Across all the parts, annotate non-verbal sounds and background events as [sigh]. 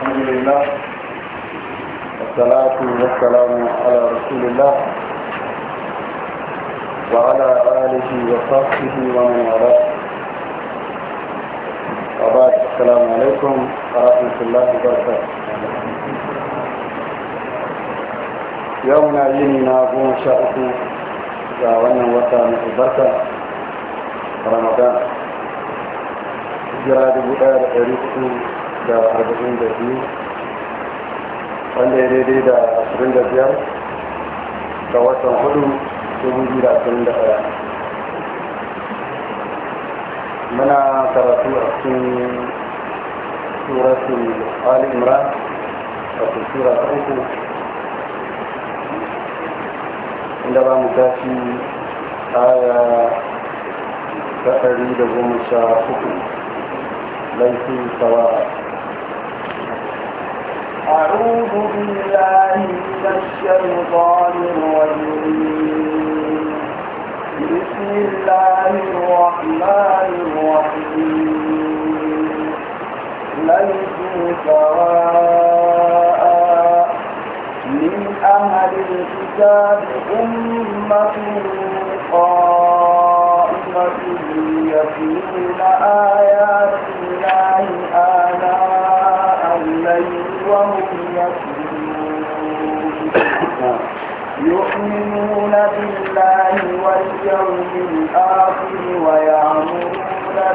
الحمد لله والصلاة والسلام على رسول الله وعلى آله وصحبه ومن والاه وبعد السلام عليكم ورحمة الله وبركاته يومنا ينينا قوم شاءكم يا ونن وطن البركة رمضان hijira dubu ɗaya da arba'in da biyu wanda ya daidai da ashirin da biyar ga watan hudu dubu biyu da ashirin da ɗaya muna karatu a cikin suratul ali imran wato sura ta uku inda ba mu tashi aya ta ɗari da goma sha uku laifin sawa'a أعوذ بالله من الشيطان الرجيم بسم الله الرحمن الرحيم ليسوا سواء من أهل الكتاب أمة قائمة يتلون آيات الله آناء وهم يؤمنون بالله واليوم الآخر ويأمرون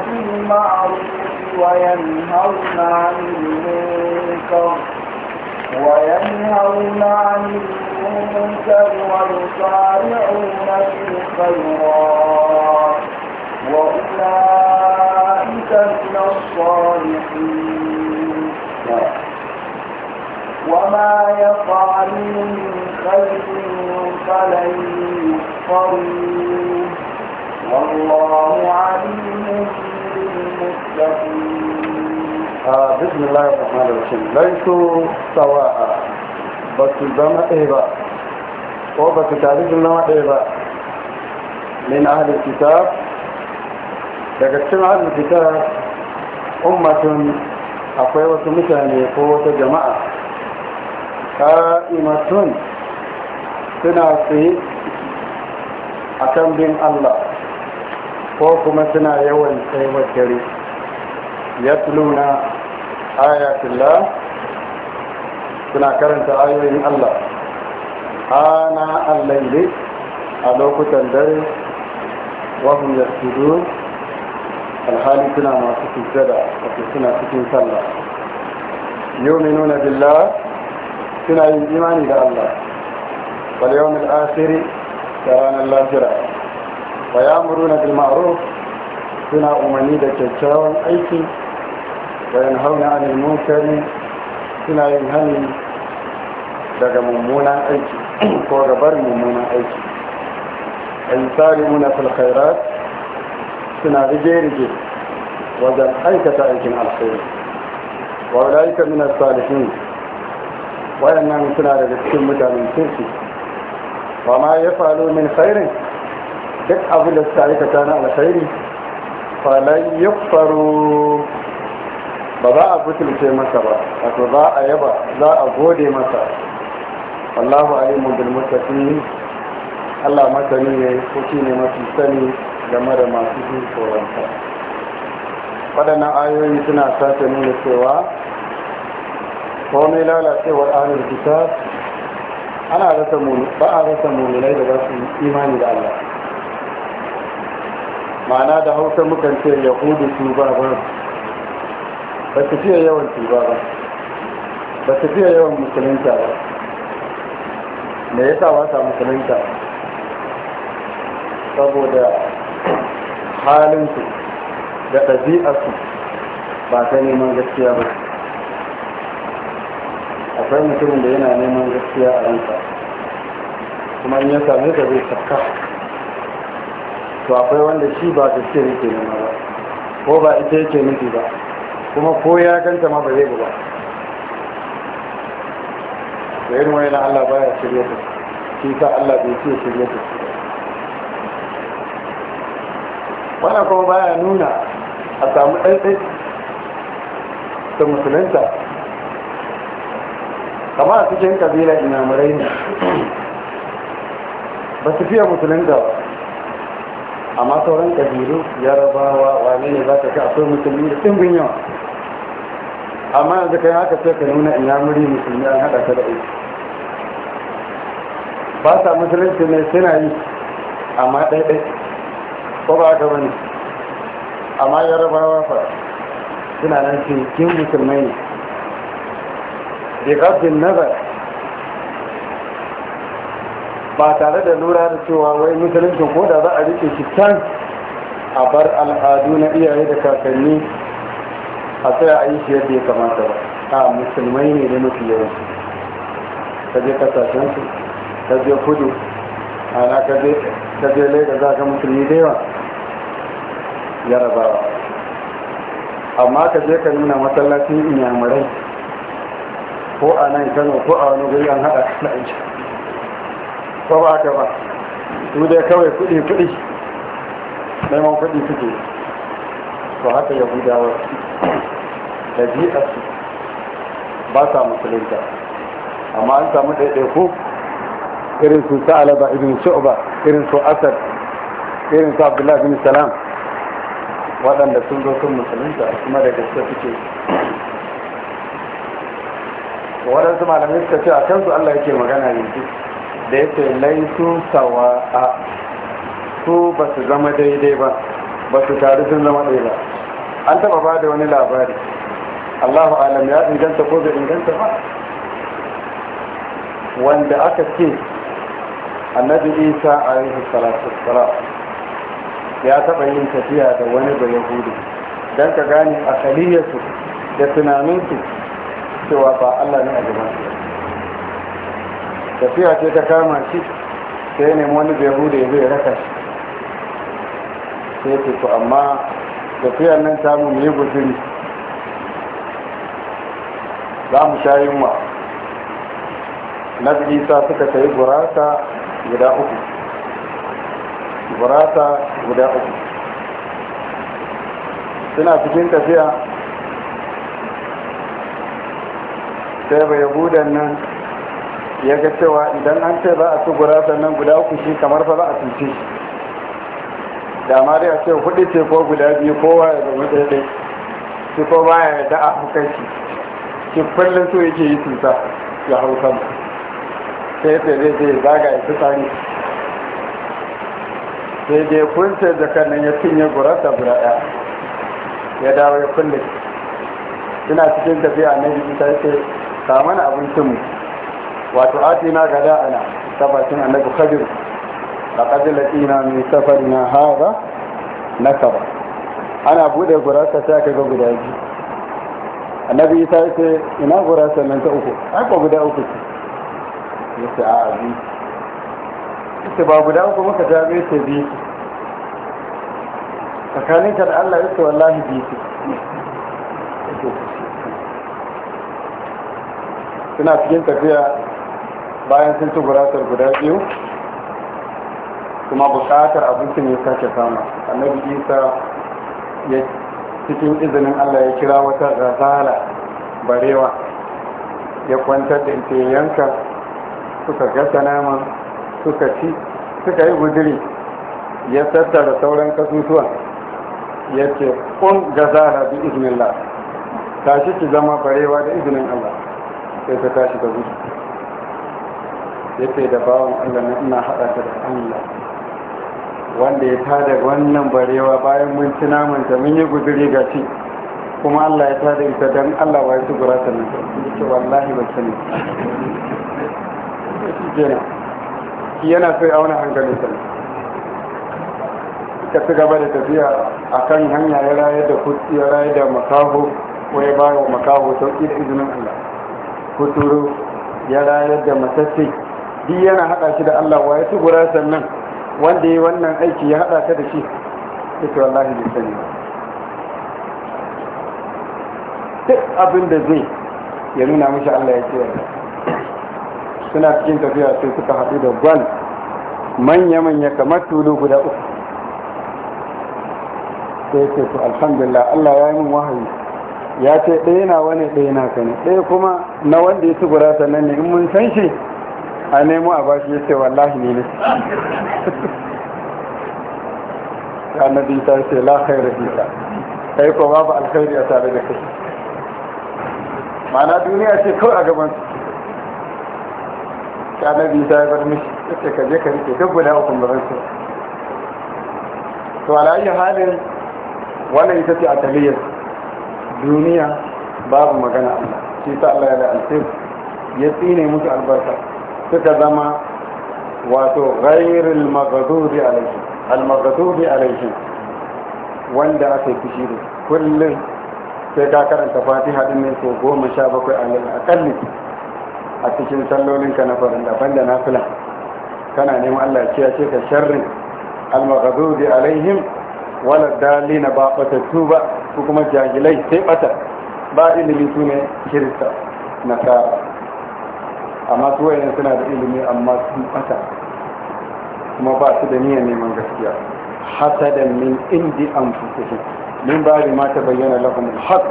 بالمعروف وينهون عن المنكر وينهون عن المنكر ويصارعون في الخيرات وأولئك من الصالحين وما يفعل من خلق فلن يحصروه والله عليم بالمتقين بسم الله الرحمن الرحيم ليسوا سواء بس زما ايضا وبس تعريف النوع ايضا من اهل الكتاب لكن اهل الكتاب أمة أقوى متاني قوة جماعة qa'imatun suna tsaye akan bin Allah ko kuma suna yawan tsayawar dare yatluna ayatullah suna karanta ayoyin Allah ana allaili a lokutan dare wahum tudu alhali suna masu sujjada da suna cikin sallah yau nuna billah سنة الإيمان إلى الله واليوم الآخر يرانا الله جرع ويأمرون بالمعروف سنة أمنيدة كتشاوى الأيك وينهون عن المنكر سنة ينهني لغا ممونا أيك [clears throat] وغبر ممونا أيك ويسالمون في الخيرات سنة رجي رجي وجد أيك تأيك الخير وأولئك من الصالحين waɗannan suna da cikin mutanen kirki ba ma ya faru min khairin duk abin da suka aikata na alkhairi falai ya faru ba za a butulce masa ba wato za a yaba za a gode masa wallahu alimu bil mutafi Allah masani ne ko ne mafi sani game da masu jin tsoronsa waɗannan ayoyi suna sace nuna cewa komai lalacewar ahlul kitab ana rasa mu ba a rasa mu'minai da za su imani da Allah ma'ana da hausa mukan ce yahudu su ba ba ba su fiye yawan tuba ba ba su fiye yawan musulunta ba me yasa ba sa musulunta saboda halinsu da ɗabi'arsu ba ta neman gaskiya ba akwai mutumin da yana neman gaskiya a ransa kuma in ya same da zai shakka to akwai wanda shi ba gaskiya yake nema ba ko ba ita yake nufi ba kuma ko ya ganta ma ba zai ba da yin wani na Allah baya shirya ta shi sa Allah bai ce shirya ta wannan kuma ya nuna a samu ɗaiɗai ta musulunta kama a cikin kabila inamurai ne ba su fiye musulun da amma sauran kabilu yarabawa wane ne za ka ka akwai musulmi da ɗimbin yawa amma yanzu kai haka sai ka nuna inamuri musulmi an haɗa ta da aiki ba sa musulunci ne suna yi amma ɗaiɗai ko ba ka bane amma yarabawa fa suna nan cikin musulmai ne بغض nazar ba tare da lura da cewa wai musulunci ko da za a rike shi can a bar al'adu na iyaye da kakanni a tsaya a yi shi yadda ya kamata ba a musulmai ne da mafi yawanci ka je kasashensu ka je kudu ana ka je za ka musulmi da yawa yarabawa amma kaje ka nuna masallacin inyamurai ko a nan kano ko a wani guri an haɗa na aiki ko ba haka ba su dai kawai kuɗi kuɗi neman kuɗi suke to haka yahudawa ɗabi'arsu ba sa musulunta amma an samu ɗaiɗaiku irin su ba irin shu'ba irin su asad irin su abdullahi bin salam waɗanda sun zo sun musulunta kuma daga suka fice waɗansu malamai suka ce a kansu Allah yake magana yanzu da yake laisu sawa'a su ba su zama daidai ba ba su taru sun zama ɗaya ba an taɓa ba da wani labari Allah alam ya inganta ko bai inganta ba wanda aka ce annabi isa alaihi salatu wassalam ya taɓa yin tafiya da wani hudu. don ka gane kaliyarsu da tunaninsu cewa ba Allah ne a tafiya ce ta kama shi sai ne wani bai bude ya zai raka shi sai ce amma tafiya nan samun mu yi guzuri za mu sha yunwa na isa suka sayi gurasa guda uku gurasa guda uku suna cikin tafiya sai bai yahudan nan ya ga cewa idan an ce za a ci gurasa nan guda uku shi kamar fa za a cuce shi da ma dai a ce hudu ce ko guda biyu kowa ya zama daidai shi ko baya ya a hukai shi shi kullum so yake yi tuta ya hau sama sai ya tsere zai zaga ya fitsari sai dai kunce jakar nan ya cinye gurasa guda ɗaya ya dawo ya kulle ina cikin tafiya na jiki ta ce ka mana abincinmu wato atina gada ana tabbacin annabi khadir mai safar na سفرنا na kaba ana bude gurasa ta kaga guda biyu annabi isa ya ce ina gurasa nan ta uku haka guda uku ce ya ce a abi ce ba guda uku muka ta bai ce biyu tsakanin ka da allah ya ce wallahi biyu ce suna cikin tafiya bayan sun ci gurasar guda biyu kuma bukatar ne ya sake samu annabi isa ya cikin izinin allah ya kira wata razala barewa ya kwantar da ita yanka suka gasa naman suka ci suka yi guduri ya tattara sauran kasusuwan ya ce kun gazara bi ta tashi ki zama barewa da izinin allah sai ta tashi da gudu ya ce da bawan allah na ina haɗa ta da allah wanda ya tada wannan barewa bayan mun ci naman ta mun yi guduri ga ci kuma allah ya tada ita don allah wa ya su gura ta nan ya ce wallahi ba shi yana so ya auna ta ne ka ci gaba da tafiya a kan hanya ya rayar da kuci ya rayar da makaho ko ya bayar wa makaho sauƙi da izinin allah kuturo ya rayar da matasse duk yana haɗa shi da Allah wa ya ci sannan wanda ya wannan aiki ya haɗa ta da shi ita wallahi bai sani duk abin da zai ya nuna mashi Allah ya ce suna cikin tafiya sai suka haɗu da gwal manya-manya kamar tulu guda uku sai ce su alhamdulillah Allah ya yi min wahayi ya ce ɗaya na wani ɗaya na ka ne ɗaya kuma na wanda ya ci gura sannan ne in mun san shi a nemo a bashi ya ce wallahi ne ne [laughs] annabi ta ce la khaira fika kai ko babu alkhairi a tare da kai ma'ana duniya ce kawai a gaban su annabi ta bar mishi ce ka je ka rike duk guda a ba su to alayi halin wannan ita ce a taliyar duniya babu magana Allah shi ta Allah ya la'anta ya tsine musu albarka suka zama wato ghairul maghdubi alaihim al maghdubi alaihim wanda aka yi fushi da kullum sai ka karanta fatiha din ne so goma sha bakwai a akalli a cikin ka na farin daban da nafila kana neman Allah ya ce ka sharrin al maghdubi alaihim wala dalina ba fatattu ba su kuma jahilai sai bata ba ilimi su ne kirista na kara amma su wayan suna da ilimi amma sun bata kuma ba su da niyyar neman gaskiya hasadan min indi an fusuhi min ba da mata bayyana lahum alhaq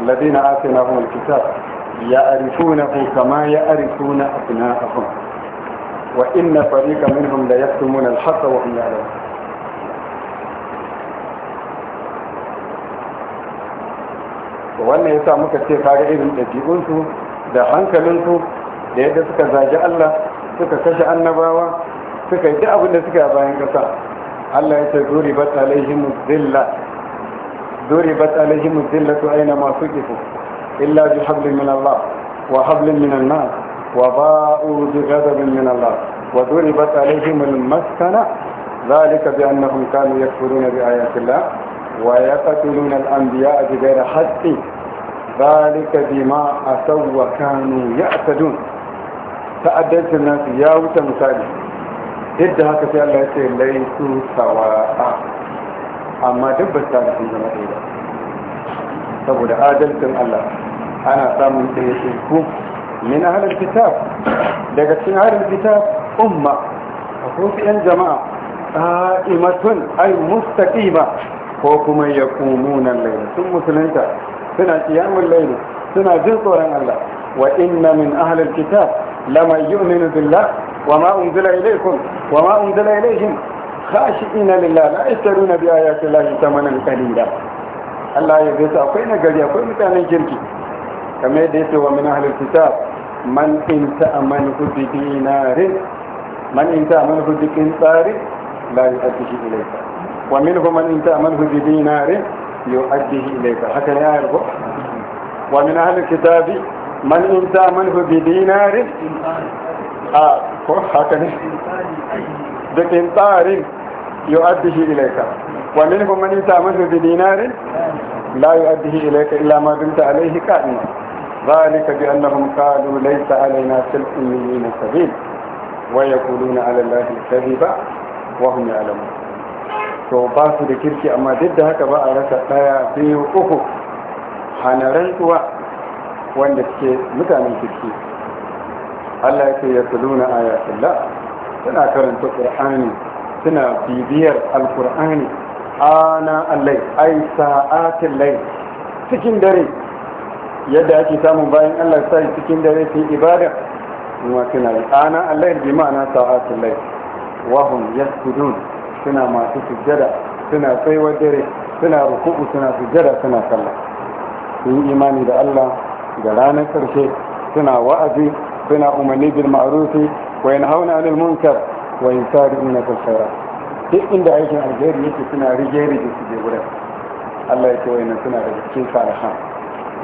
alladhina atainahum alkitab ya'rifunahu kama ya'rifuna abna'ahum wa inna fariqan minhum la yaktumuna alhaq wa hum ya'lamun to wannan yasa muka ce kaga irin ɗabi'unsu da hankalinsu da yadda suka zagi Allah suka kashe annabawa suka yi duk abin da suka bayan kasa Allah ya ce duribat alaihim zilla duribat alaihim zilla to aina ma suqifu illa bi hablin min Allah wa hablin min an-nas wa ba'u bi ghadabin min Allah wa وضربت عليهم المسكنة ذلك بأنهم كانوا يكفرون بآيات الله ويقتلون الأنبياء بغير حق ذلك بما أتوا وكانوا يعتدون فأدلت الناس يا وتمثالي duk da haka sai Allah ya ce laisu sawa'a amma duk ba sun zama ɗaya ba saboda adalcin Allah ana samun ɗaya ce ku min ahlul kitab daga cikin ahlul kitab umma akwai yan jama'a qa'imatun ay mustaqima ko kuma ya kumu nan laili sun musulunta suna kiyamun laili suna jin tsoron Allah wa inna min ahlil kitab lama yu'minu billah wa ma unzila ilaykum wa ma unzila ilayhim khashi'ina lillah la yashtaruna bi ayati llahi thamanan qalila Allah ya gaisa akwai nagari akwai mutanen kirki kamar yadda yake wa min ahlil kitab man in ta'amanu bi dinarin man in ta'amanu bi dinarin la yu'addihi ilayka ومنهم من إن تأمنه بدينار يؤديه إليك هكذا يا ومن أهل الكتاب من إن تأمنه بدينار آه بقنطار يؤديه إليك ومنهم من إن تأمنه بدينار لا يؤديه إليك إلا ما دمت عليه كائنا ذلك بأنهم قالوا ليس علينا في الأميين سبيل ويقولون على الله الكذب وهم يعلمون to ba su da kirki amma duk da haka ba a rasa ɗaya biyu uku hanaran kuwa wanda suke mutanen kirki Allah ya ce ya tuluna ayatullah suna karanta Qur'ani suna bibiyar alqur'ani ana allai ai sa'atin lai cikin dare yadda ake samun bayan Allah sai cikin dare su ibada kuma suna ana allai bi ma'ana sa'atin wa hum yasjudun suna masu sujjada suna tsayuwar dare suna ruku'u suna sujjada suna sallah sun yi imani da Allah da ranar karshe suna wa'azi suna umarni bil ma'rufi wa yanhauna 'anil munkar wa yusari'una na khairat duk inda aikin alheri yake suna rige rige su je wurin Allah ya ce wayannan suna da cikin salihan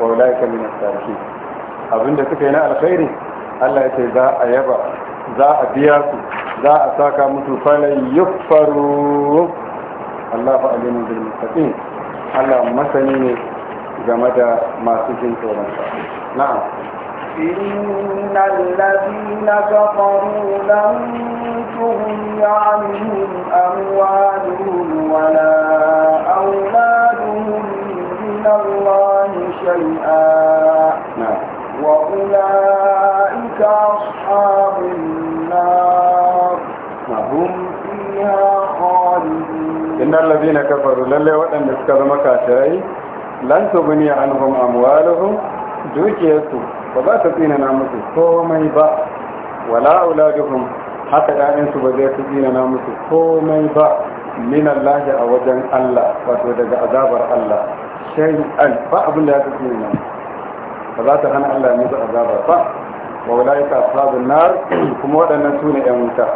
wa ulaika min as-salihin abinda suka yi na alkhairi Allah ya ce za a yaba za a biya su za a saka mutu falai yuffaru Allah fa alimu bil mustaqim Allah masani ne game da masu jin tsoron sa na'am إن الذين كفروا لن تغني عنهم أموالهم ولا أولادهم من الله شيئا وأولئك أصحاب النار فيها خالدين إن الذين كفروا للي وأن نسكر مكاتري لن dukiyarsu عنهم أموالهم دوكيتو ولا musu komai ba, wala ولا أولادهم haka ‘ya'yansu ba zai fi na musu komai ba min lahi a wajen Allah wato daga azabar Allah shay'an ba abin da ya fi na ba za ta hana Allah musu azabar ba wa wala yaka ashabun nar kuma waɗannan su ne ‘yan wuta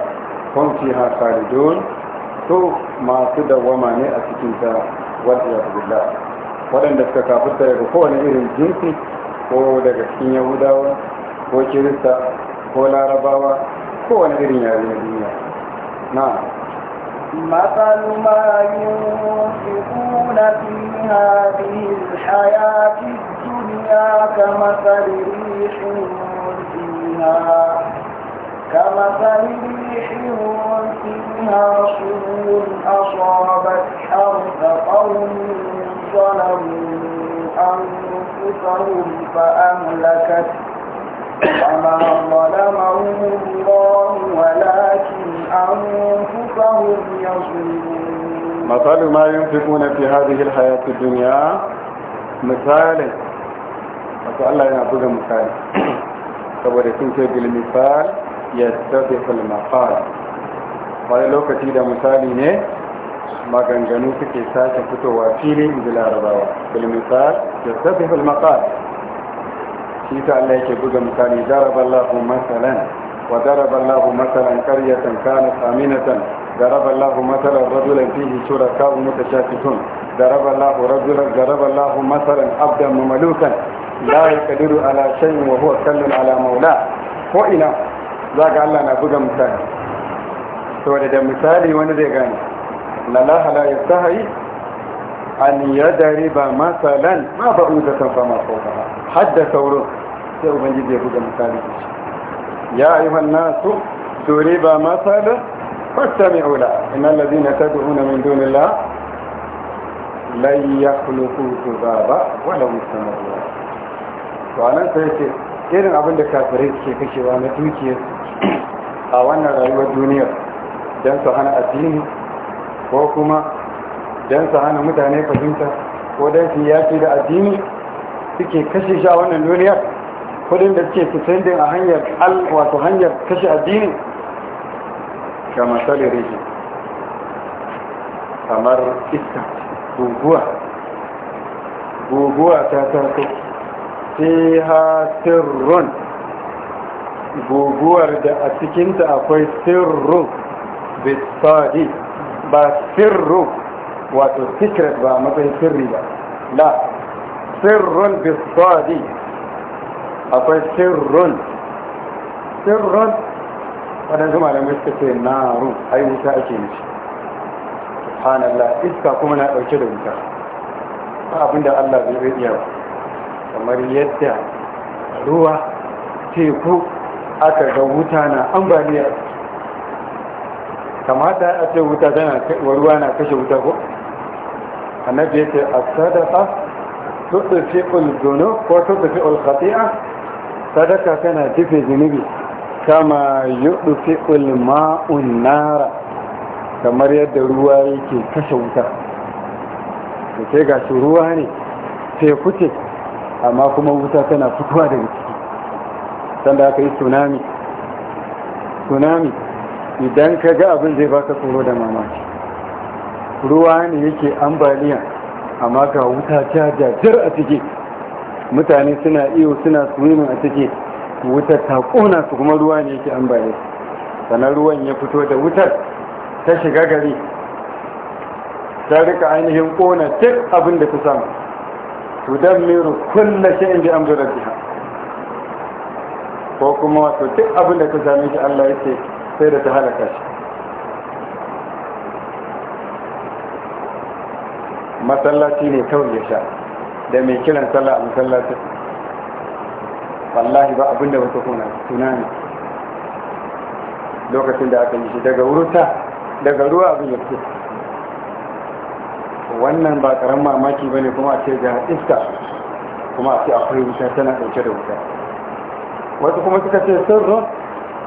هم Haka خالدون to masu dawwama ne a cikin ta wadda billah waɗanda suka kafurta daga kowane irin jinsi ko daga cikin yahudawa ko kirista ko larabawa kowane irin yare na duniya na مثل ما ينفقون في هذه الحياة الدنيا كمثل ريح فيها كمثل ريح فيها صور أصابت حرث قوم ظلموا أنفسهم فأهلكت وما ظلمهم الله ولكن أنفسهم يظلمون مثل ما ينفقون في هذه الحياة الدنيا مثال مثال الله ينعطوه مثال فبرسين كيف المثال يتفق المقال قال لو كتيدا مثالي ما كان جنوس كيسات كتو وافيلي مثل الرضاوة بالمثال يتفق المقال كيسا الله يكبر مثالي ضرب الله مثلا وضرب الله مثلا قرية كانت امينه ضرب الله مثلا رجلا فيه شركاء متشاكسون ضرب الله رجلا ضرب الله مثلا عبدا مملوكا لا يقدر على شيء وهو كل على مولاه وإنه za ka Allah na buga misali saboda da misali wani zai gane ya la yastahi an yadriba masalan ma ba'udatan fama fawqaha hadda sauro sai ubangiji zai buga misali ya yi ayyuhan nasu duriba masalan fastami'u la innal ladina tad'una min kuluku su ba ba wala law istamaru to anan sai ce irin abin da kafirai suke kashewa na dukiyarsu a wannan rayuwar duniya don su hana addini ko kuma don su hana mutane fahimta ko don su yaki da addini suke kashe shi a wannan duniya kudin da suke su sendin a hanyar al wato hanyar kashe addini ga matsalar rishi kamar iska guguwa guguwa ta sarko sai ha sirrun guguwar da a cikinta akwai sirru bisadi ba sirru wato secret ba matsayin sirri ba la sirrun bisadi akwai sirrun sirrun waɗansu malamai suka ce naru ai wuta ake nishi subhanallah iska kuma na ɗauke da wuta abinda allah zai iya kamar yadda ruwa teku aka ga wuta na ambaliya kamata a ce wuta tana ruwa na kashe wuta ko annabi ya ce a sadaka tuttufi ulgono ko tuttufi ulkhati'a sadaka tana jife zunubi kama yuɗufi ulma'un nara kamar yadda ruwa yake kashe wuta da ke gashi ruwa ne teku ce amma kuma wuta tana fitowa da wuta sanda aka yi tsunami tsunami idan ka ga abin zai baka tsoro da mamaki ruwa ne yake ambaliya amma ka wuta ta jajar a ciki mutane suna iyo suna swimming a ciki wutar ta kona su kuma ruwa ne yake ambaliya sannan ruwan ya fito da wutar ta shiga gari ta rika ainihin kona duk abin da ta samu su dan mero kullu shay'in bi amri rabbiha ko kuma wato duk abin da ta same shi Allah yake sai da ta halaka shi masallaci ne kawai ya sha da mai kiran sallah a masallaci wallahi ba abin da wata kuna tunani lokacin da aka yi shi daga wuruta daga ruwa abin da ke. wannan ba karamin mamaki ba ne kuma a ce ga iska kuma a ce akwai wuta tana ɗauke da wuta wasu kuma suka ce sirrun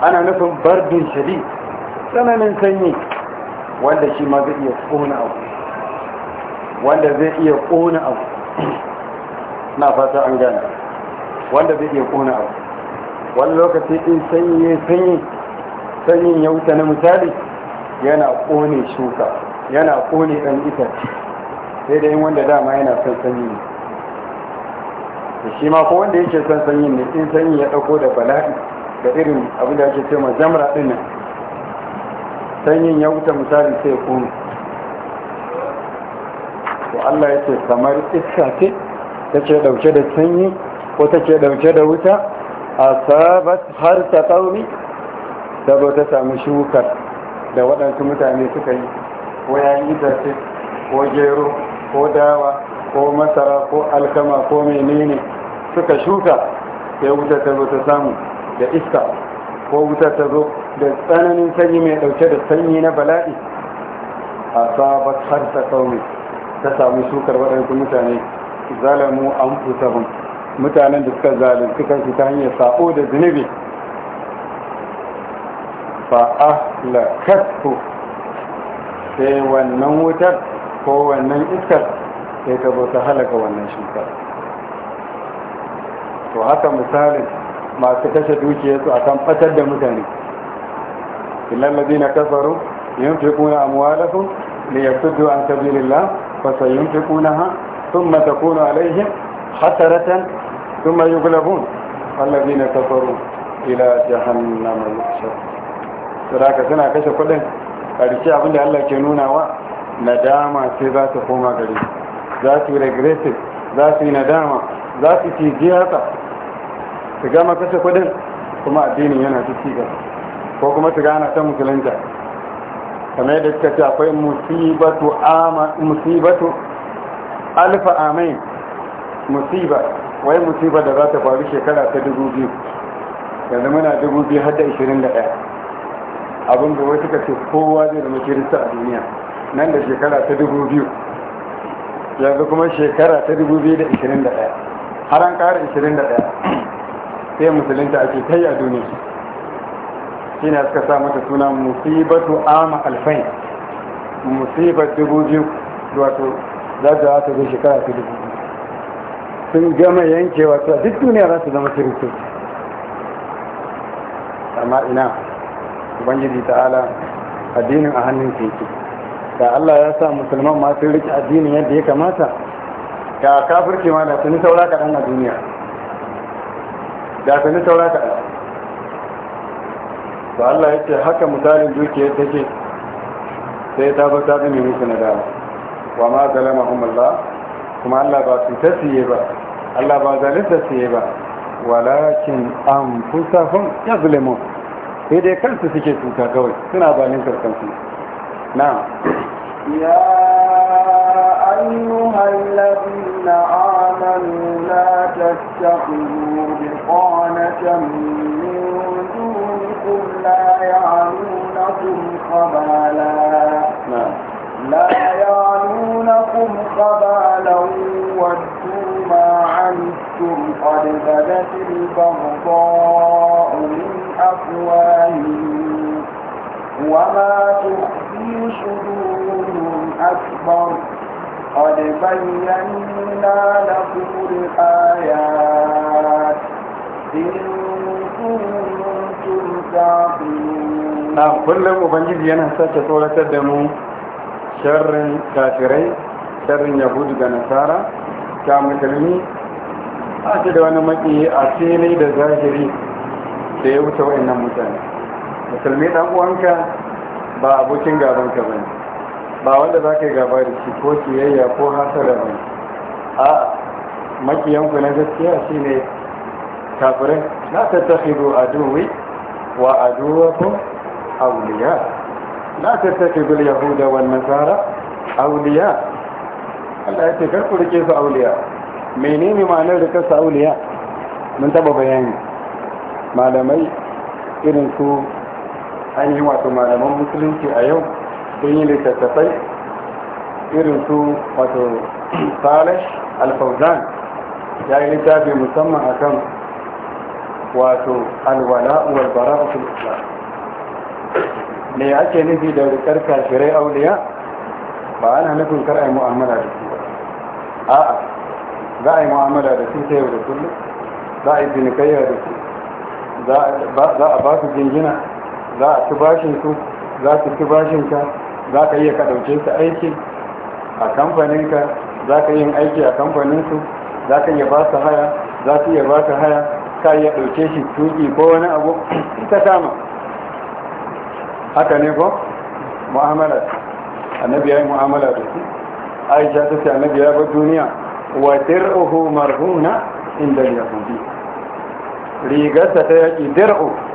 ana nufin bardun shari tsananin sanyi wanda shi ma zai iya ƙona abu wanda zai iya ƙona abu na fata an gane wanda zai iya ƙona abu wani lokaci in sanyi sanyi sanyin ya wuta na misali yana ƙone shuka yana ƙone ɗan itace sai da yin wanda dama yana son sanyi ne da shi ma ko wanda yake son sanyi ne in sanyi ya dauko da bala'i da irin abin da ake cewa zamra din nan sanyin ya wuta misali sai kuma to Allah yake kamar iska ce take dauke da sanyi ko take dauke da wuta asabat har ta qaumi da ba ta samu shukar da waɗansu mutane suka yi ko yayin ce ko gero ko dawa ko masara ko alkama ko menene suka shuka sai wuta ta zo ta samu da iska ko wuta ta zo da tsananin sanyi mai dauke da sanyi na bala'i a sabat har ta ta samu shukar waɗansu mutane zalamu an fusahun mutanen da suka zalunci kansu ta hanyar sa'o da zunubi fa'ahlakatku sai wannan wutar ko wannan iskar sai ka zo ka halaka wannan shuka to haka misali masu kashe dukiyarsu a akan fatar da mutane illallazi na kafaru yin fi kuna amuwalasu da ya fito an sabilillah fasa yin fi kuna ha sun mata kuna alaihim hasaratan sun mai yugulabun allazi na kafaru ila jahannama yuksha sadaka suna kashe kudin ƙarshe abinda allah ke nunawa nadama sai za ta koma gare su za su yi regressive za su yi nadama za su ci jiyata su gama kashe kudin kuma addinin yana su ci gaba ko kuma su gana ta musulunta kamar yadda suka ce akwai musibatu ama musibatu alfa amai musiba wai musiba da za ta faru shekara ta dubu biyu yanzu muna dubu biyu har da ishirin da ɗaya abin da wai suka ce kowa zai zama kirista a duniya nan da shekara ta dubu biyu yanzu kuma shekara ta 2021 har an ƙara 21 sai musulunta ake kai a duniya shi ne suka sa mata suna musibatu ama alfai musibar dubu biyu wato za ta wata zai shekara ta dubu biyu sun gama wato a duk duniya za su zama kiristoci amma ina ubangiji ta'ala addinin a hannun keke da Allah ya sa musulman ma sun rike addinin yadda ya kamata da kafirce ma da tuni saura kaɗan a duniya da tuni saura kaɗan to Allah ya ce haka misalin dukiyar take sai ta bar ta ɗume yi na dama wa ma zalama Allah kuma Allah ba su ta ba Allah ba zalunta tasiye ba walakin an fusafin ya sai dai kansu suke cuta kawai suna banin karkansu نعم يا أيها الذين آمنوا لا تتخذوا بطانة من دونكم لا يعلونكم خبالا نعم لا يعلونكم خبالا ودوا ما عنتم قد بدت البغضاء من أفواههم وما تخفي في أكبر قد بينا لكم الآيات إن كنتم تعقلون نعم كلهم أبنجي أنا دمو شر كافرين شر يهود ونصارى a ce da wani maki a fili da zahiri da ya wuce wa'annan mutane musulmi ɗan uwanka ba abokin gaban ka bane ba wanda za ka yi gaba da shi ko kiyayya ko hasara ba a makiyanku na gaskiya shine kafirai la tattakhidu aduwi wa na awliya la tattakhidu al-yahuda wan nasara awliya Allah ya ce kar ku rike su awliya menene ma'anar rike su awliya mun taba bayani malamai irin su ainihin wato malaman musulunci a yau sun yi littattafai irin su wato salash al alfauzan ya yi littafi musamman akan wato alwala wal bara'u fil islam me ake nufi da rikar kafirai auliya ba ana nufin kar a yi mu'amala da su a'a za a yi mu'amala da su ta yau da kullum za a yi binikayya da su za a ba su jingina za a ci bashin su za su ci bashin ka za ka iya ka ɗauke su aiki a kamfanin ka za ka yin aiki a kamfanin su za ka iya ba su haya za su iya ba su haya ka iya dauke shi tuki ko wani abu ta kama haka ne ko mu'amala annabi ya yi mu'amala da su aisha ta ce annabi ya bar duniya wa dir'uhu marhuna inda yahudi rigarsa ta yaki dir'u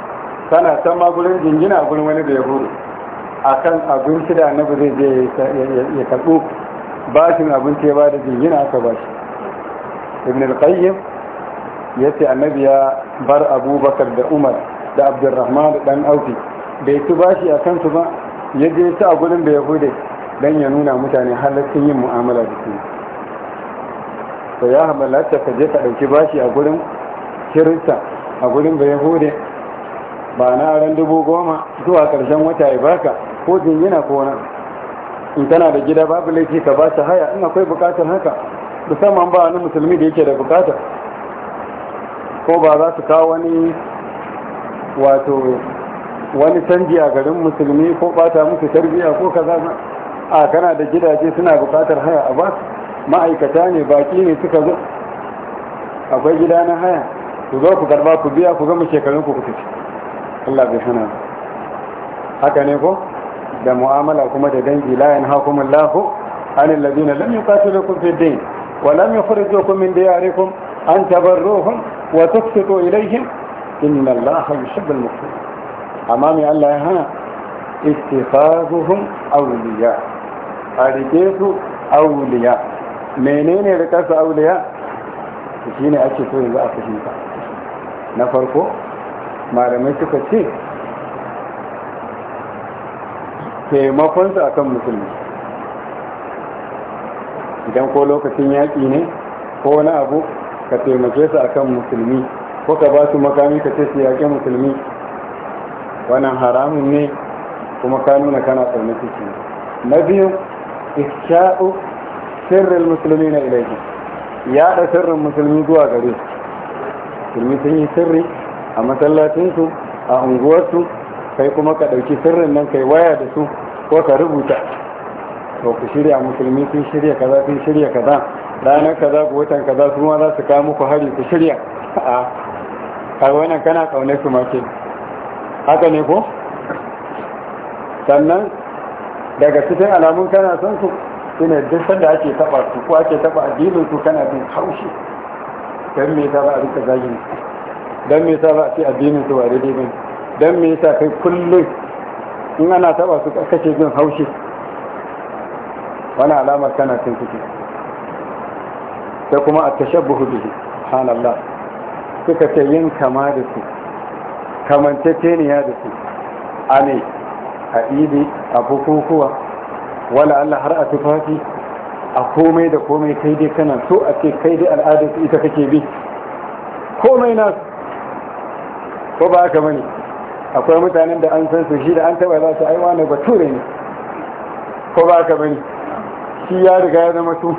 kana san ma gurin jingina gurin wani da ya hudu a kan abinci da annabi zai je ya karɓo bashin abinci ya ba da jingina aka ba shi ibn al-qayyim ya ce annabi ya bar abubakar da umar da abdurrahman da dan auki bai ci bashi a kansu ba ya je ta a gurin da ya hude don ya nuna mutane halittun yin mu'amala da su to ya hamalata ka je ka ɗauki bashi a gurin kirista a gurin da ya hude ba na ran dubu goma zuwa ƙarshen wata ya baka ko jingina ko nan in tana da gida babu laifi ka ba ta haya in akwai bukatar haka musamman ba wani musulmi da yake da bukata ko ba za su kawo wani wato wani canji a garin musulmi ko bata musu tarbiyya ko kaza a kana da gidaje suna bukatar haya a ba ma'aikata ne baki ne suka zo akwai gida na haya ku zo ku karba ku biya ku gama shekarun ku kuka ci Allah bai hana haka ne ko da mu'amala kuma da dangi la yanhaakum Allahu anil ladina lam yuqatilukum fid din wa lam yukhrijukum min diyarikum an tabarruhum wa tuqsitu ilayhim inna muqsitin amma me Allah ya hana ittifazuhum awliya a rike su awliya menene rikarsa awliya shine ake so yanzu a fahimta na farko malamai suka ce taimakonsa a kan musulmi idan ko lokacin yaƙi ne ko wani abu ka taimake su a kan musulmi ko ka ba su makami ka ce su yaƙe musulmi wannan haramun ne kuma ka nuna kana tsaune ciki na biyu isha'u sirrin musulmi na ilaiki yaɗa sirrin musulmi zuwa gare musulmi sun yi sirri a masallacinsu a unguwarsu kai kuma ka ɗauki sirrin nan kai waya da su ko ka rubuta to ku shirya musulmi sun shirya kaza sun shirya kaza ranar kaza ko watan kaza su ma za su kawo muku hari ku shirya a kai wannan kana kaune su ma ke haka ne ko sannan daga cikin alamun kana son su shine duk sanda ake taba su ko ake taba addinin su kana bin haushi dan me ta ba a rika zagin su don me yasa ba a ce addinin su ware daidai bane don me yasa kai kullum in ana taba su kace jin haushi wani alamar kana cin ciki sai kuma a tashabbuhu bihi subhanallah suka ce yin kama da su Kamanceceniya da su a ne a idi a bukukuwa wala Allah har a tufafi a komai da komai kai dai kana so a ce kai dai al'adar ita kake bi komai nasu ko ba haka bane akwai mutanen da an san su shi da an taba za su aiwa na bature ne ko ba haka bane shi ya riga ya zama su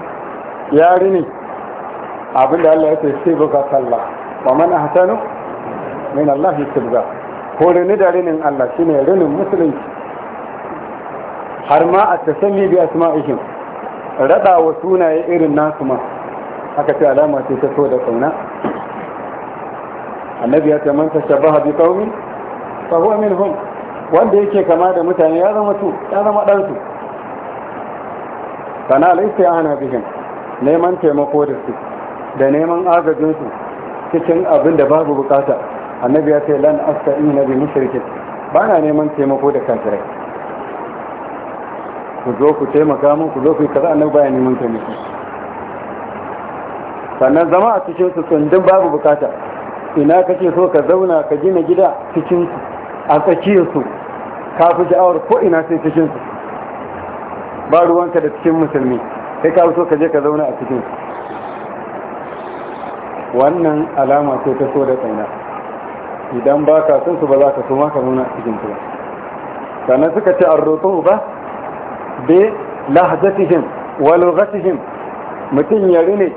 yari ne abinda Allah ya ce sai buga sallah wa man ahsanu min Allah tibga ko rini da rinin Allah shine rinin musulunci har ma a tasalli bi asma'ihim rada wa sunaye irin nasu ma aka ce alama ce ta so da kauna annabi ya ce man tashabaha bi qaumi fa huwa minhum wanda yake kama da mutane ya zama su ya zama dan su kana al ana bihim neman taimako da su da neman agajin su cikin abin da babu bukata annabi ya ce lan asta'ina bi mushrikin bana neman taimako da kafirai ku zo ku taimaka mun ku zo ku yi kaza annabi baya neman taimako sannan zama a cikin su din babu bukata ina kake so ka zauna ka gina gida cikin a tsakiyarsu ka fi sha'awar ko ina sai cikin su ba ruwanka da cikin musulmi sai ka so ka je ka zauna a cikin su wannan alama ce ta so da tsaina idan ba ka son su ba za ka so ma ka zauna a cikin su sannan suka ce an roƙo ba be lahzatihim wa mutum yari ne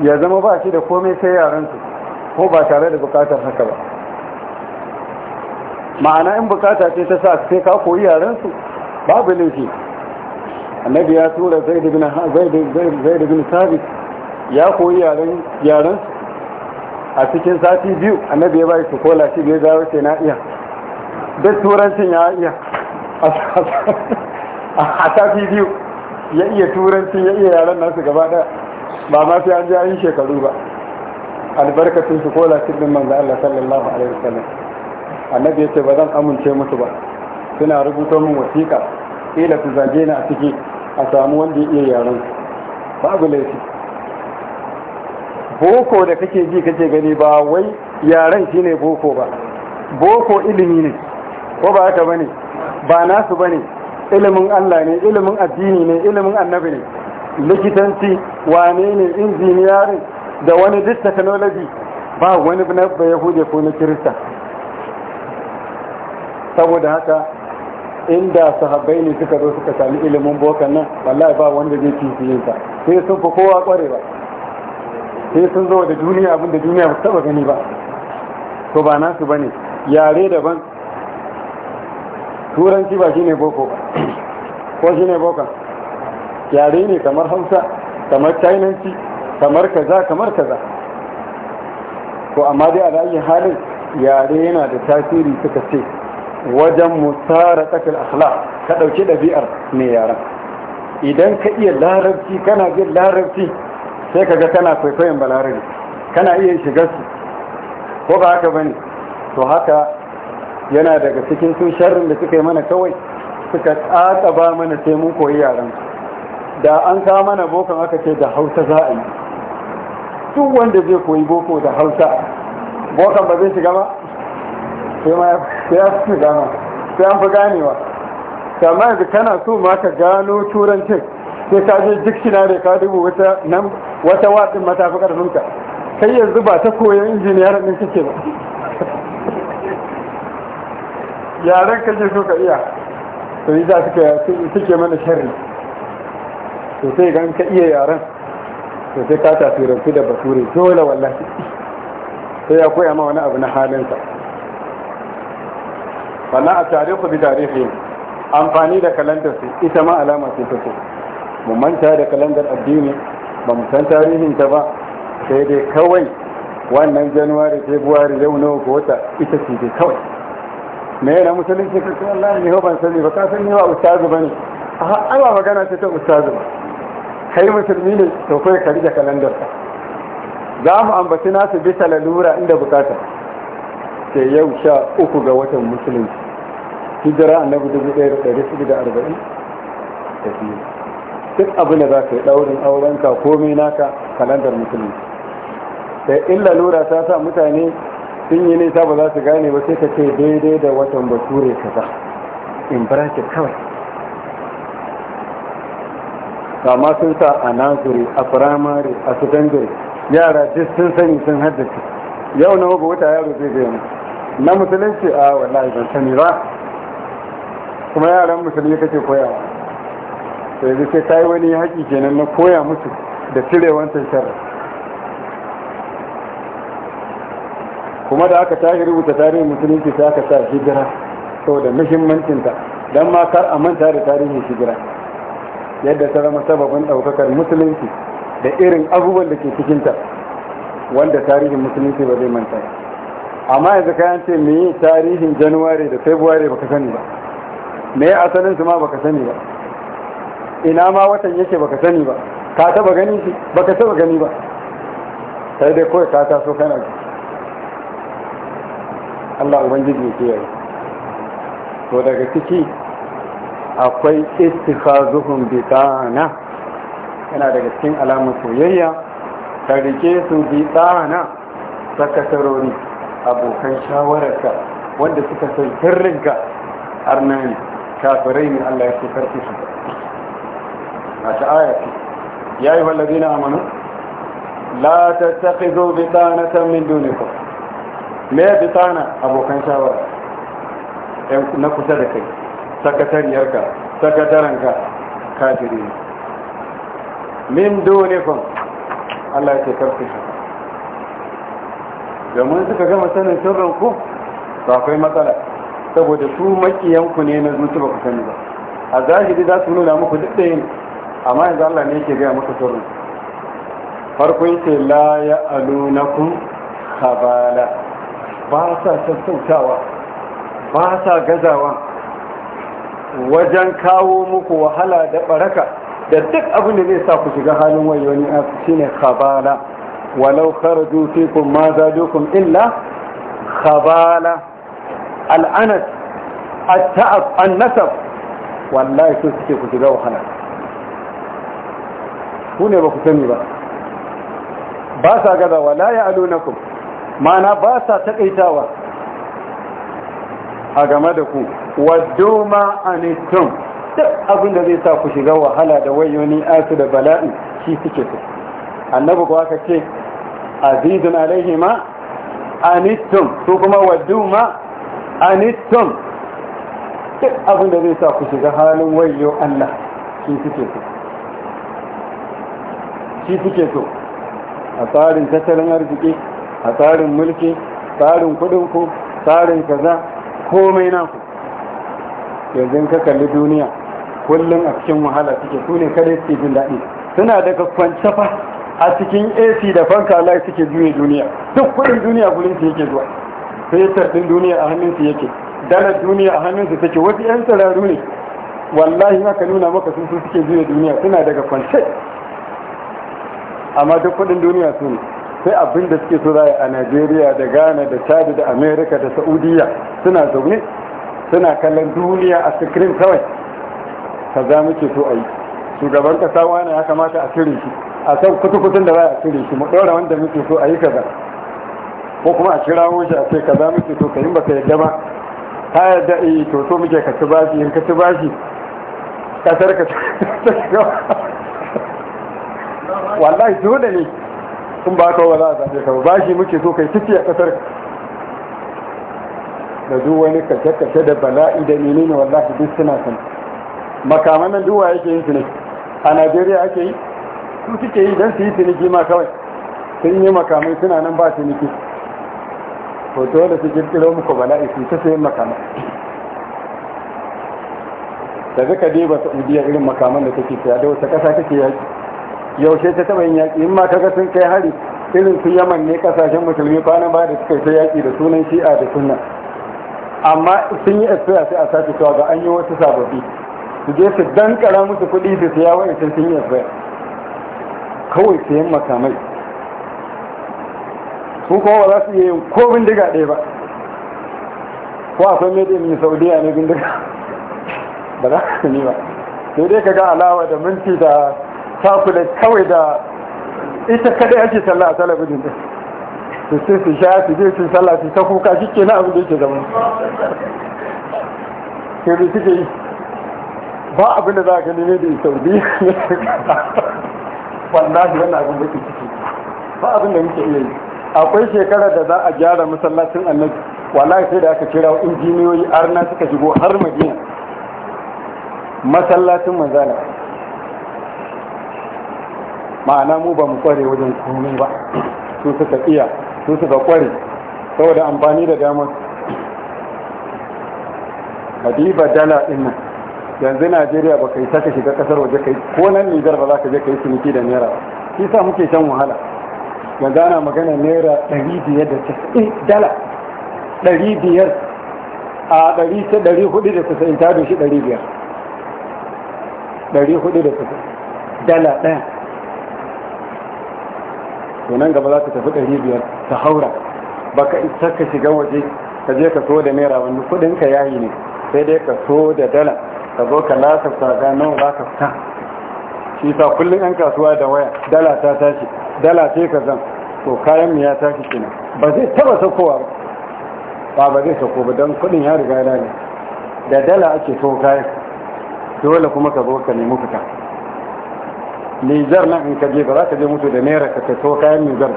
ya zama ba shi da komai sai yaransu. su ko ba tare da bukatar haka ba ma'ana in bukata ce ta sa sai ka koyi yarensu babu laifi annabi ya tura zai da bin sabis ya koyi yarensu a cikin sati biyu annabi ya bai su kola shi bai dawo ce na iya duk turancin ya iya a sati biyu ya iya turancin ya iya yaren nasu gaba daya ba ma an ji ayin shekaru ba albarkacin su ko cikin manzo Allah sallallahu alaihi wasallam annabi yace ba zan amince musu ba suna rubuto min wasiƙa ila su zage ni a ciki a samu wanda ya iya yaron babu laifi boko da kake ji kake gani ba wai yaran shine boko ba boko ilimi ne ko ba haka bane ba nasu bane ilimin Allah ne ilimin addini ne ilimin annabi ne likitanci wane ne injiniyarin da wani duk technology ba wani na yahudi ko na kirista saboda haka inda sahabbai ne suka zo suka sami ilimin bokan nan wallahi ba wanda zai ci yin sa sai sun fi kowa kware ba sai sun zo da duniya abin da duniya ba taba gani ba to ba nasu ba ne yare daban turanci ba shine boko ba ko shine bokan yare ne kamar hausa kamar chinanci kamar kaza kamar kaza ko amma dai a ra'ayin halin yare yana da tasiri suka ce wajen musara tsakil akhlaq ka ɗauki ɗabi'ar mai yaran idan ka iya larabci kana bin larabci sai ka ga kana kwaikwayon balarabi kana iya shigar su ko ba haka bane to haka yana daga cikin sun sharrin da suka yi mana kawai suka tsaka ba mana sai mun koyi yaran da an kama mana bokan aka ce da hausa za a yi duk wanda zai koyi boko da hausa bokan ba zai shiga ba sai ma ya fi gama sai an fi ganewa amma yanzu kana so ma ka gano turancin sai ka je da ka dubu wata nan wata watsin matafi karfinka kai yanzu ba ta koyon injiniyar ɗin kake ba yaren kake so ka iya to yi za suke mana sharri to sai gan ka iya yaren to sai ka tasirantu da bature dole wallahi sai ya koya ma wani abu na halinsa wannan a tarihu bi tarihi amfani da kalandar su ita ma alama ce ta so mu manta da kalandar addini ba mu san tarihin ta ba sai dai kawai wannan januwari februari yau nawa ko wata ita ce dai kawai me yana musulunci ka ce wallahi ne ban sani ba ka san ni ba ustazu bane a ba magana ce ta ustazu ba kai musulmi ne to kai ka rike kalandar ka za mu ambaci nasu bisa lalura inda bukata sai yau sha uku ga watan musulunci hijira annabi dubu ɗaya da ɗari shida da arba'in da biyu duk abin da za ka yi ɗaurin aurenka komai naka kalandar musulunci sai in lalura ta sa mutane sun yi nisa ba za su gane ba sai ka ce daidai da watan bature kaza in bracket kawai kama sun sa a nazuri a firamare a secondary yara duk sun sani sun haddace yau na ga wata yaro zai zai mu na musulunci a wallahi ban sani ba kuma yaran musulmi kake koyawa sai zai sai kai wani haƙi kenan na koya musu da cire wancan sharar kuma da aka tashi rubuta tarihin musulunci ta aka sa hijira saboda muhimmancinta don ma kar a manta da tarihin hijira yadda ta zama sababin ɗaukakar musulunci da irin abubuwan da ke cikinta wanda tarihin musulunci ba zai manta amma yanzu kayan ce me yi tarihin januwari da february baka sani ba me asalin su ma baka sani ba ina ma watan yake baka sani ba ka taba gani shi baka taba gani ba sai dai kawai ka taso kana Allah ubangiji ya kiyaye to daga ciki akwai zuhun bitana yana daga cikin alamun soyayya ka rike su bitana sakatarori abokan shawararka wanda suka san sirrinka arnani kafirai ne Allah ya ce karfi su a ta aya ce ya yi wallabi na amanu la ta taƙi zo bitana ta min dunikum me bitana abokan shawararka na kusa da kai sakatariyarka sakataranka kafiri min dunikum Allah ya ce karfi haka domin suka gama sanin sirrin ku to akwai matsala saboda su makiyanku ne na zuci ba ku sani ba a zahiri za su nuna muku duk da yin amma yanzu Allah ne yake gaya muku sirrin farko yake la ya alunakum khabala ba sa sassautawa ba sa gazawa wajen kawo muku wahala da baraka da duk abin da zai sa ku shiga halin wayoni a shine khabala walau kharaju fikum ma zadukum illa khabala al'anat at-ta'ab an-nasab wallahi su suke ku shiga wahala ku ne ba ku sani ba ba sa gaza wala ya'lunakum ma'ana ba sa takaitawa a game da ku waddo ma anittum duk abin da zai sa ku shiga wahala da wayoni asu da bala'i shi suke su annabi ko aka ce azizun alaihi ma anittum su kuma waddo ma anittum duk abin da zai sa ku shiga halin wayo Allah shi suke su shi suke so a tsarin tattalin arziki a tsarin mulki tsarin kudinku tsarin kaza komai naku yanzu ka kalli duniya kullum a cikin wahala suke su ne kada suke jin daɗi suna daga kwance fa a cikin ac da fanka lai suke juye duniya duk kudin duniya gurin su yake zuwa sai ɗin duniya a hannun su yake dalar duniya a hannun su take wasu yan tsararru ne wallahi haka nuna maka sun suke juye duniya suna daga kwance amma duk kudin duniya su ne sai abin da suke so zai a najeriya da ghana da chad da america da saudiya suna zaune suna kallon duniya a sikirin kawai Ka za muke so a yi shugaban kasa wani ya kamata a cire shi a san kutukutun da za a cire shi mu ɗora wanda muke so a yi kaza ko kuma a kira shi a ce kaza muke so ka yi ba ka yadda ba Ka yadda eh to so muke ka ci bashi in ka ci bashi kasar ka ta [laughs] wallahi dole ne Kun ba ka za a zaɓe ka ba shi muke so kai ciki a ƙasar da duk wani kace-kace da bala'i da menene wallahi duk suna san makaman nan duwa yake yin ciniki a najeriya ake yi su suke yi don su yi tuniki ma kawai sun yi makamai suna nan ba tuniki. hoto da su kirkiro muku bala'i su ta sayin makamai da suka dai ba saudiya irin makaman da take siya da wata ƙasa kake yaki yaushe ta taba yin yaƙi in ma ga sun kai hari irin su yaman ne kasashen musulmi kwanan ba da suka yi ta yaƙi da sunan shi'a da sunna amma sun yi asira sai a sake cewa ga an yi wasu sababbi su je su dankara musu kuɗi su siya wa sun sun yi asira kawai siyan makamai su kuma ba za su iya yin ko bindiga ɗaya ba ko akwai mai ɗin saudiya ne bindiga [laughs] ba za su ni ba sai dai ka ga alawa da minti da takula kawai da ita kadai ake sallah a talabijin da su sai su sha su je su sallah su ta kuka shi ke na abin da yake zama ke da suke yi ba abin da za a gani ne da saudi wallahi wannan abin da ke ciki ba abin da muke iya yi akwai shekarar da za a gyara masallacin annabi wallahi sai da aka kira injiniyoyi arna suka shigo har madina masallacin manzana ma'ana mu ba mu kware wajen komai ba su suka iya su suka kware saboda amfani da damar hadiba dala din nan yanzu najeriya ba kai saka shiga kasar waje kai ko nan nijar ba za ka je kai ciniki da naira ba shi sa muke shan wahala yanzu ana magana naira ɗari biyar da casa'in dala ɗari biyar a ɗari ta ɗari hudu da casa'in ta doshi ɗari biyar ɗari hudu da casa'in dala ɗaya to nan gaba za ka tafi ɗari biyar ta haura ba ka isa ka shiga waje ka je ka so da naira wani kuɗin ka yayi ne sai dai ka so da dala ka zo ka lasafta ga nawa za ka fita shi sa kullum yan kasuwa da waya dala ta tashi dala sai ka zan to kayan mu ya tashi kenan ba zai taba sakowa ba ba zai sako ba don kuɗin ya riga ya da dala ake so kayan dole kuma ka zo ka nemi fita lizar nan in ka je ba za ka je mutu da naira ka kai kayan lizar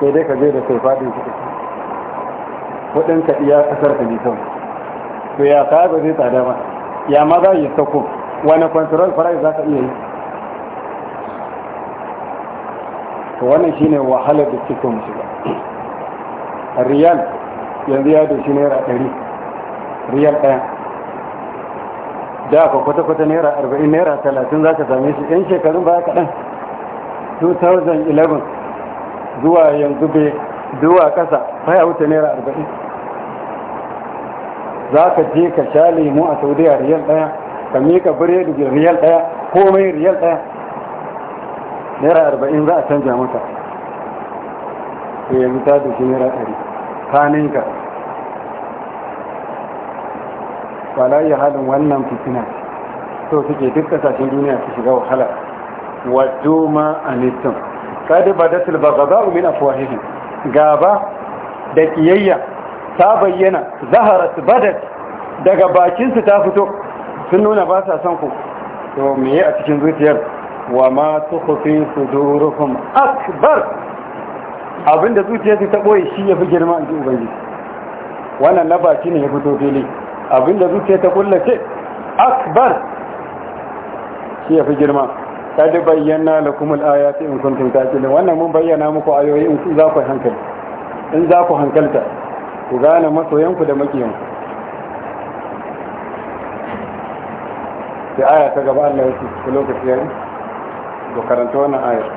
sai dai ka je da sai fadin ko kuɗin ka iya kasar ka ne to ya ka ba zai tsada ba ya ma za yi sako wani control price za ka iya yi to wannan shine wahalar da cikin musu ba riyal yanzu ya doshi naira 100 riyal ɗaya da aka kwata-kwata naira arba'in naira talatin za ka same shi yan shekarun ba kaɗan 2011 zuwa yanzu bai zuwa ƙasa baya wuce naira arba'in za ka je ka sha lemu a saudiya riyal ɗaya ka mika biredi da riyal ɗaya komai riyal ɗaya naira arba'in za a canja mata to yanzu ta doki naira ɗari kaninka ya halin wannan fitina so suke duk kasashen duniya su shiga wahala Wa juma anitum kada ba ba datil ba ga min afuwahihin gaba da kiyayya ta bayyana zaharat badat daga bakinsu ta fito sun nuna ba sa son ku to me a cikin zuciyar wa ma tukhfi sudurukum akbar abinda zuciyarsu ta boye shi yafi girma in ji ubangiji wannan na baki ne ya fito fili abinda zuciya ta kullace akbar shi ya fi girma ta da bayyana da kuma al'aya ta in kuntun takilin wannan mun bayyana muku ayoyi in za ku hankali in za ku hankalta ku gane masoyanku da makiyanku sai aya ta gaba Allah ya ce lokaci yayi ga karanta wannan ayar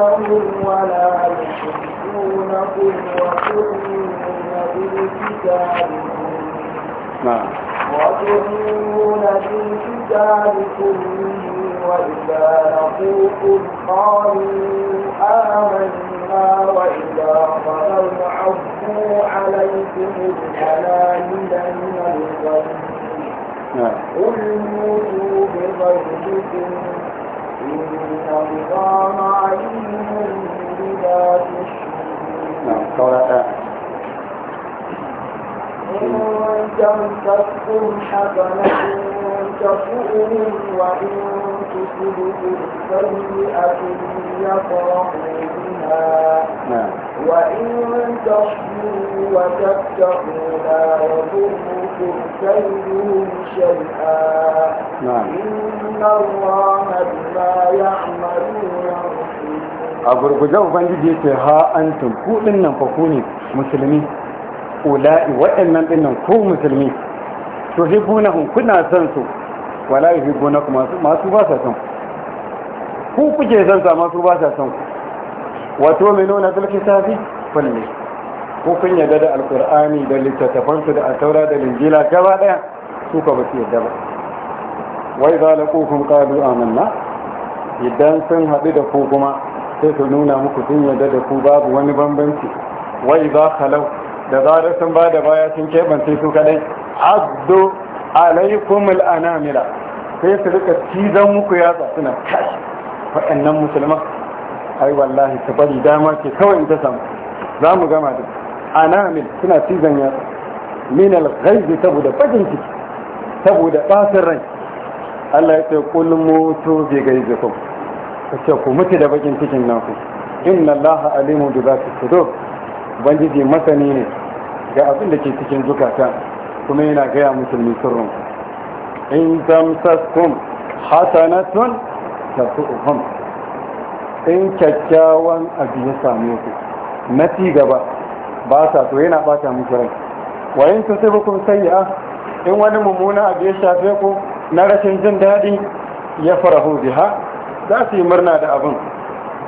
يعلمون ولا يحبونكم وتؤمنون بالكتاب نعم وتؤمنون بالكتاب كله وإذا لقوكم قالوا آمنا وإذا خلوا عفوا عليكم الحلال من الغيب قل موتوا بغيظكم تمسككم حسنة تسؤهم وإن تصبكم سيئة يفرحوا وإن تصبروا وتتقوا لا يضركم كيدهم شيئا إن الله بما يعملون a gurguje ubangiji ya ce ha an ku dinnan fa ku ne musulmi ula'i waɗannan dinnan ko musulmi to hibbunahum kuna son su wala yuhibbunakum masu ba sa son ku kuke son sa masu ba sa son ku wato mai nuna zulkitafi kulle ko kun yadda da alkur'ani da littattafansu da asaura da linjila gaba daya su ka ba su yadda ba wai za da kofin kalu amanna idan sun haɗu da ku kuma sai su nuna muku sun yadda da ku babu wani bambanci wai za kalau da zarar sun ba da baya sun keɓance su kaɗai azdu alaikum al'anamila sai su rika cizon muku yatsa suna kashi waɗannan musulman ai wallahi ta bari dama ce kawai in ta samu za mu gama da anamil suna cizon yatsa min al saboda bakin ciki saboda basin rai Allah ya ce kul mutu bi ghaizikum kace ku mutu da bakin cikin naku ku inna Allah alimu bi zati sudur ubangiji masani ne ga abin da ke cikin zukata kuma yana gaya musulmi sirrin in tamsaskum hasanatun tasu'uhum in kyakkyawan abu ya same ku na ci gaba ba sa to yana bata muku rai sai in sai ya in wani mummuna abu ya shafe ku na rashin jin daɗi ya farahu ha za su yi murna da abin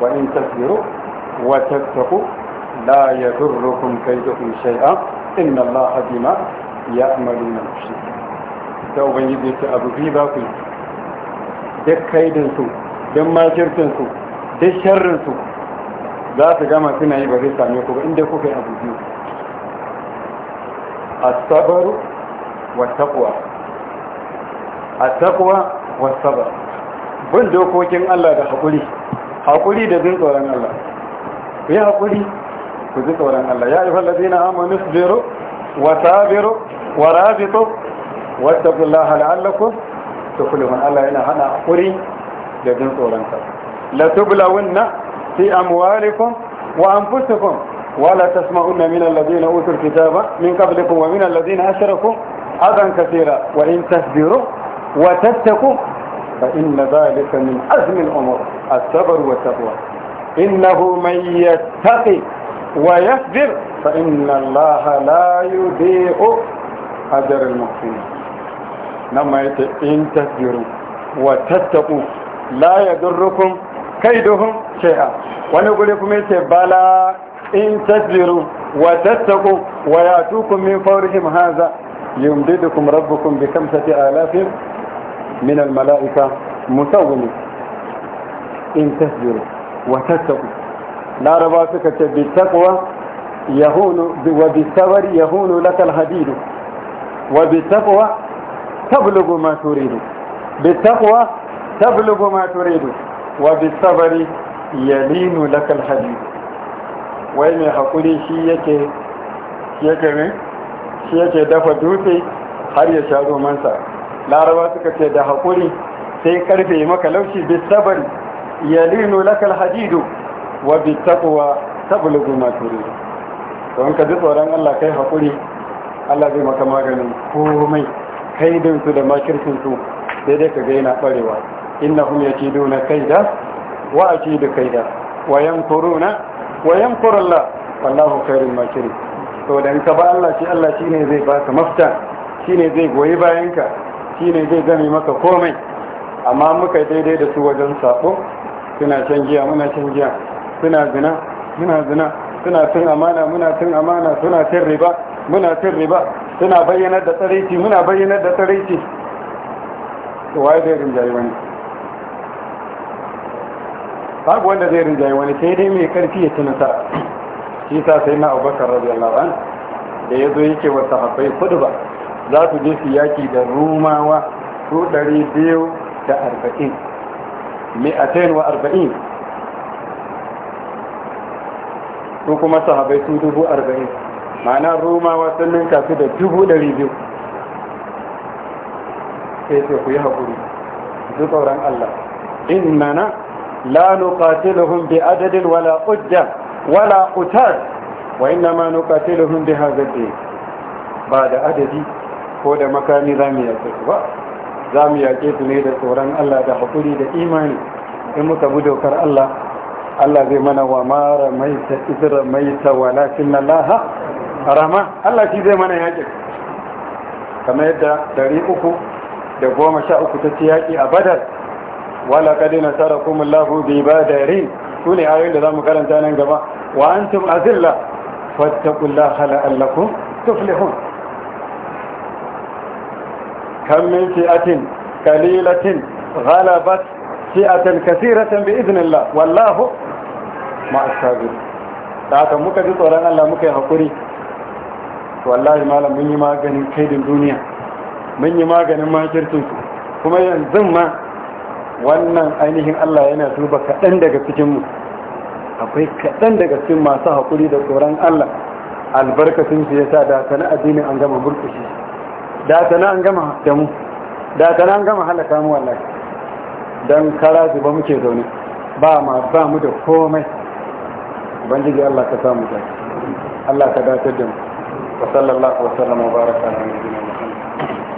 wa in tasbiru ta ku la yadurrukum kaydukum shay'a inna allaha bima ya'maluna basir da ubangiji ya ce abu biyu ba ku duk kaidinsu, duk duk sharrinsu za su gama suna yi ba zai same ku ba inda kuka yi abu biyu asabaru wa taqwa at-taqwa wa sabr bin dokokin Allah da hakuri hakuri da jin tsoron Allah ku yi hakuri ku ji tsoron Allah ya ayyuhal ladina amanu sabiru wa sabiru wa rabitu wattaqullaha la'allakum tuflihun Allah yana hana hakuri da jin tsoron Allah لتبلون في أموالكم وأنفسكم ولا تسمعون من الذين أوتوا الكتاب من قبلكم ومن الذين أشركوا أذى كثيرا وإن تصبروا وتتقوا فإن ذلك من عزم الأمور الصبر والتقوى إنه من يتقي ويصبر فإن الله لا يضيع أجر المحسنين نما إن تصبروا وتتقوا لا يضركم كيدهم شيئا ونقول لكم بلى إن تسبروا وتتقوا ويأتوكم من فورهم هذا يمددكم ربكم بخمسة آلاف من الملائكة مسومة إن تسبروا وتتقوا لا رباطك بالتقوى يهون وبالثور يهون لك الهديد وبالتقوى تبلغ ما تريد بالتقوى تبلغ ما تريد wa bisabari yalinu lakal hadid wai mai hakuri shi yake yake ne shi yake dafa dutse har ya sha romansa laraba suka ce da hakuri sai karfe maka laushi bisabari yalinu lakal hadid wa bitaqwa tablugu ma don ka ji tsoron Allah kai hakuri Allah zai maka maganin komai kai din su da makircin su daidai ka ga yana barewa innahum yakiduna kaida wa akidu kaida wa yankuruna wa yankuru Allah wallahu khairul makirin to dan ka ba Allah shi Allah shine zai baka mafita shine zai goyi bayanka shine zai gane maka komai amma muka daidai da su wajen sabo suna can muna canjiya suna zina muna zina suna tun amana muna tun amana suna tun riba muna tun riba suna bayyanar da tsaraici muna bayyanar da tsaraici waye zai rinjaye wani babu wanda zai rinjaye wani sai dai mai karfi ya ci nasara shi sa sai na abubakar radiyallahu an da ya zo yake wa sahabbai kudu ba za su je su yaki da rumawa su ɗari biyu da arba'in wa arba'in su kuma sahabai su dubu arba'in ma'ana rumawa sun ninka su da dubu ɗari biyu sai sai ku yi haƙuri su tsoron allah in nana لا نقاتلهم بعدد ولا قدة ولا قتال وإنما نقاتلهم بهذا الدين بعد عددي ko da makami za mu yaƙe su ba za mu yaƙe su ne da tsoron Allah da haƙuri da imani in muka bi dokar Allah Allah zai mana wa mara mai ta isra mai ta walakin na laha rama Allah zai mana yaƙin kamar yadda dari uku da goma sha uku ta ci yaƙi a badar wala qad nasarakum Allahu bi badarin sune ayoyin da zamu karanta nan gaba wa antum azilla fattaqullaha la'allakum tuflihun kam min fi'atin qalilatin ghalabat fi'atan kathiratan bi idnillah wallahu ma'as sabirin da haka muka ji tsoron Allah muka yi hakuri wallahi malam mun yi maganin kaidin duniya mun yi maganin makircin kuma yanzu ma wannan ainihin Allah yana duba kaɗan daga cikinmu akwai kaɗan daga cikin masu haƙuri da tsoron Allah albarkacin su ya sa da na addinin an gama burkushi da na an gama damu da na an gama halaka mu wallahi don kara ba muke zaune ba ma ba mu da komai ubangiji Allah ka samu da Allah ka dace da mu sallallahu alaihi wa sallam wa baraka alaihi wa sallam